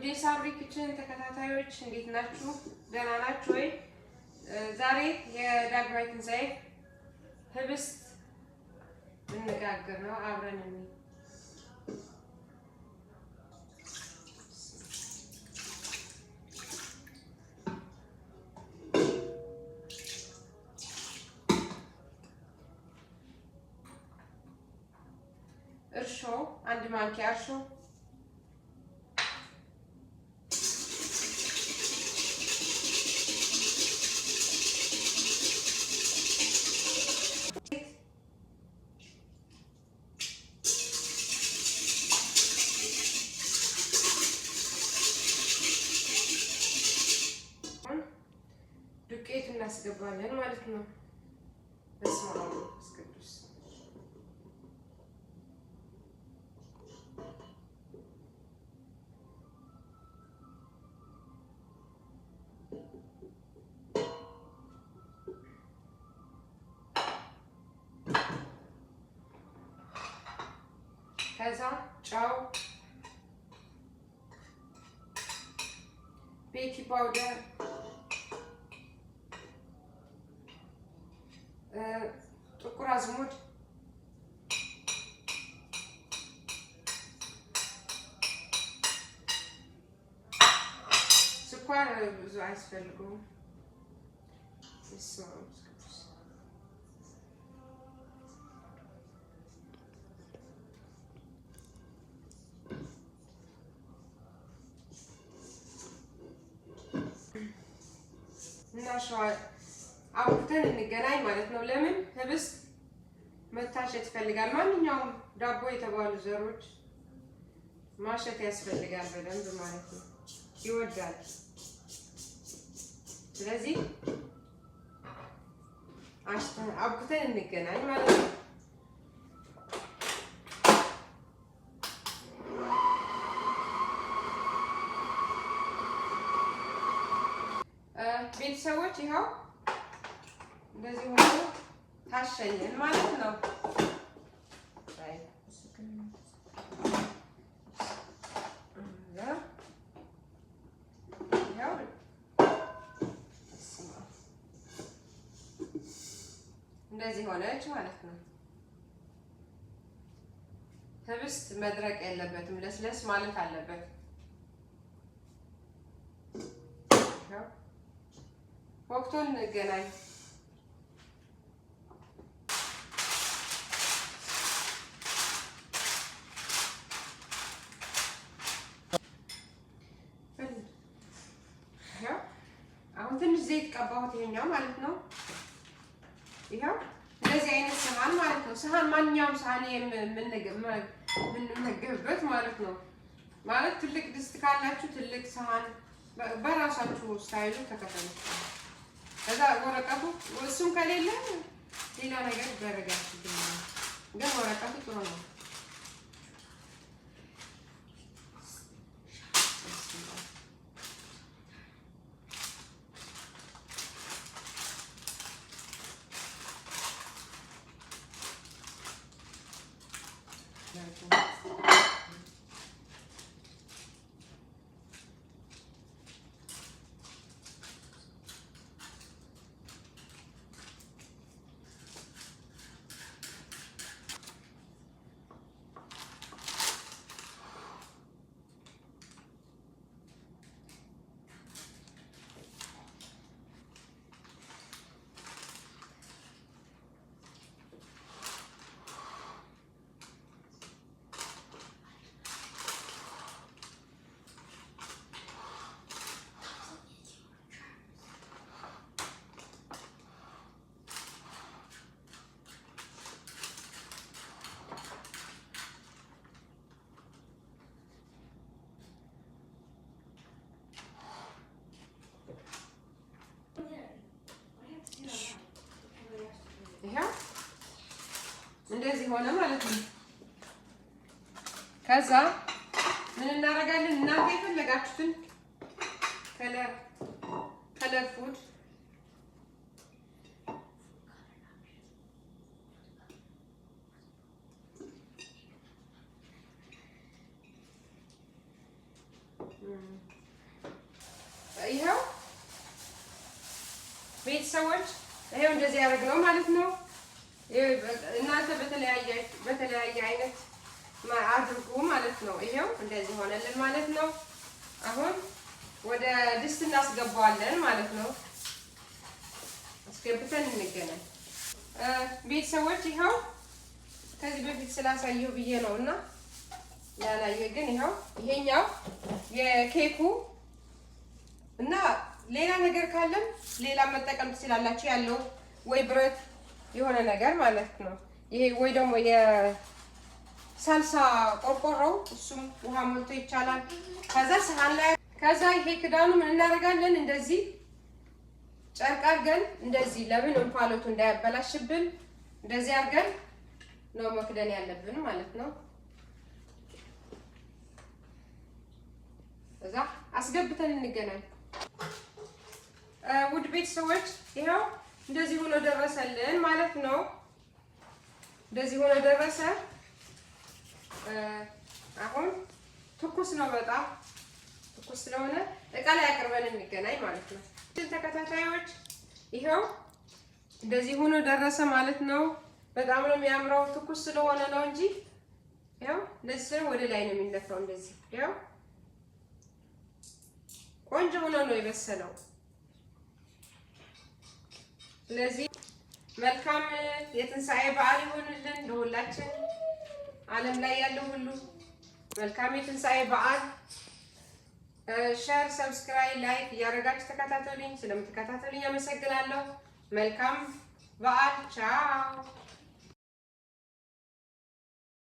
ውዴ ኪችን ተከታታዮች እንዴት ናችሁ? ደህና ናችሁ ወይ? ዛሬ የዳግማይ ትንሣኤ ህብስት ልንጋግር ነው አብረን እርሾ አንድ ማንኪያ እርሾ እንሰባለን ማለት ነው። በስመ አብ ወመንፈስ ቅዱስ ከዛ ጨው ቤኪንግ ፓውደር ጥቁር አዝሙድ ስኳር ብዙ አያስፈልገውም። እናሸዋለን አቡክተን እንገናኝ ማለት ነው። ለምን ህብስ መታሸት ይፈልጋል። ማንኛውም ዳቦ የተባሉ ዘሮች ማሸት ያስፈልጋል በደንብ ማለት ነው። ይወዳል። ስለዚህ አቡክተን እንገናኝ ማለት ነው። ቤተሰቦች ይኸው እንደዚህ ሆኖ ታሸኝን ማለት ነው። እንደዚህ ሆነች ማለት ነው። ህብስት መድረቅ የለበትም፣ ለስለስ ማለት አለበት። ወቅቱን እንገናኝ። ትንሽ ዘይት ቀባሁት፣ ይሄኛው ማለት ነው። ይኸው እንደዚህ አይነት ሰሃን ማለት ነው። ሰሃን ማንኛውም ሰሃን የምንመገብበት ማለት ነው። ማለት ትልቅ ድስት ካላችሁ ትልቅ ሰሃን በራሳችሁ ስታይሉ ተከተሉ። ከዛ ወረቀቱ እሱም ከሌለ ሌላ ነገር ይደረጋችሁ፣ ግን ወረቀቱ ጥሩ ነው። very close. እንደዚህ ሆነ ማለት ነው። ከዛ ምን እናደርጋለን? እናንተ የፈለጋችሁትን ከለር ከለር ፉድ ይኸው ቤተሰቦች ይኸው እንደዚህ ያደረግነው ማለት ነው። እናንተ በተለያየ አይነት አድርጉ ማለት ነው። ይሄው እንደዚህ ሆነልን ማለት ነው። አሁን ወደ ድስት እናስገባዋለን ማለት ነው። አስገብተን እንገናኝ ቤተሰቦች። ይኸው ከዚህ በፊት ስላሳየው ብዬ ነው እና ያላየ ግን ይኸው ይሄኛው የኬኩ እና ሌላ ነገር ካለም ሌላ መጠቀም ትችላላችሁ። ያለው ወይ ብረት የሆነ ነገር ማለት ነው። ይሄ ወይ ደግሞ የሳልሳ ቆርቆሮው እሱም ውሃ ሞልቶ ይቻላል። ከዛ ሰሃን ላይ ከዛ ይሄ ክዳኑ ምን እናደርጋለን? እንደዚህ ጨርቅ አድርገን እንደዚህ ለምን እንፋሎቱ እንዳያበላሽብን እንደዚህ አድርገን ነው መክደን ያለብን ማለት ነው። እዛ አስገብተን እንገናኝ ውድ ቤተሰቦች ይኸው እንደዚህ ሆኖ ደረሰልን ማለት ነው። እንደዚህ ሆኖ ደረሰ። አሁን ትኩስ ነው በጣም ትኩስ ስለሆነ እቃ ላይ አቅርበን እንገናኝ ማለት ነው። ተከታታዮች ይኸው እንደዚህ ሆኖ ደረሰ ማለት ነው። በጣም ነው የሚያምረው። ትኩስ ስለሆነ ነው እንጂ ያው እንደዚህ ወደ ላይ ነው የሚነፋው። እንደዚህ ያው ቆንጆ ሆኖ ነው የበሰለው። ስለዚህ መልካም የትንሣኤ በዓል ይሆንልን ለሁላችን። ዓለም ላይ ያለው ሁሉ መልካም የትንሣኤ በዓል። ሸር፣ ሰብስክራይብ፣ ላይክ እያደረጋችሁ ተከታተሉኝ። ስለምትከታተሉኝ አመሰግናለሁ። መልካም በዓል። ቻው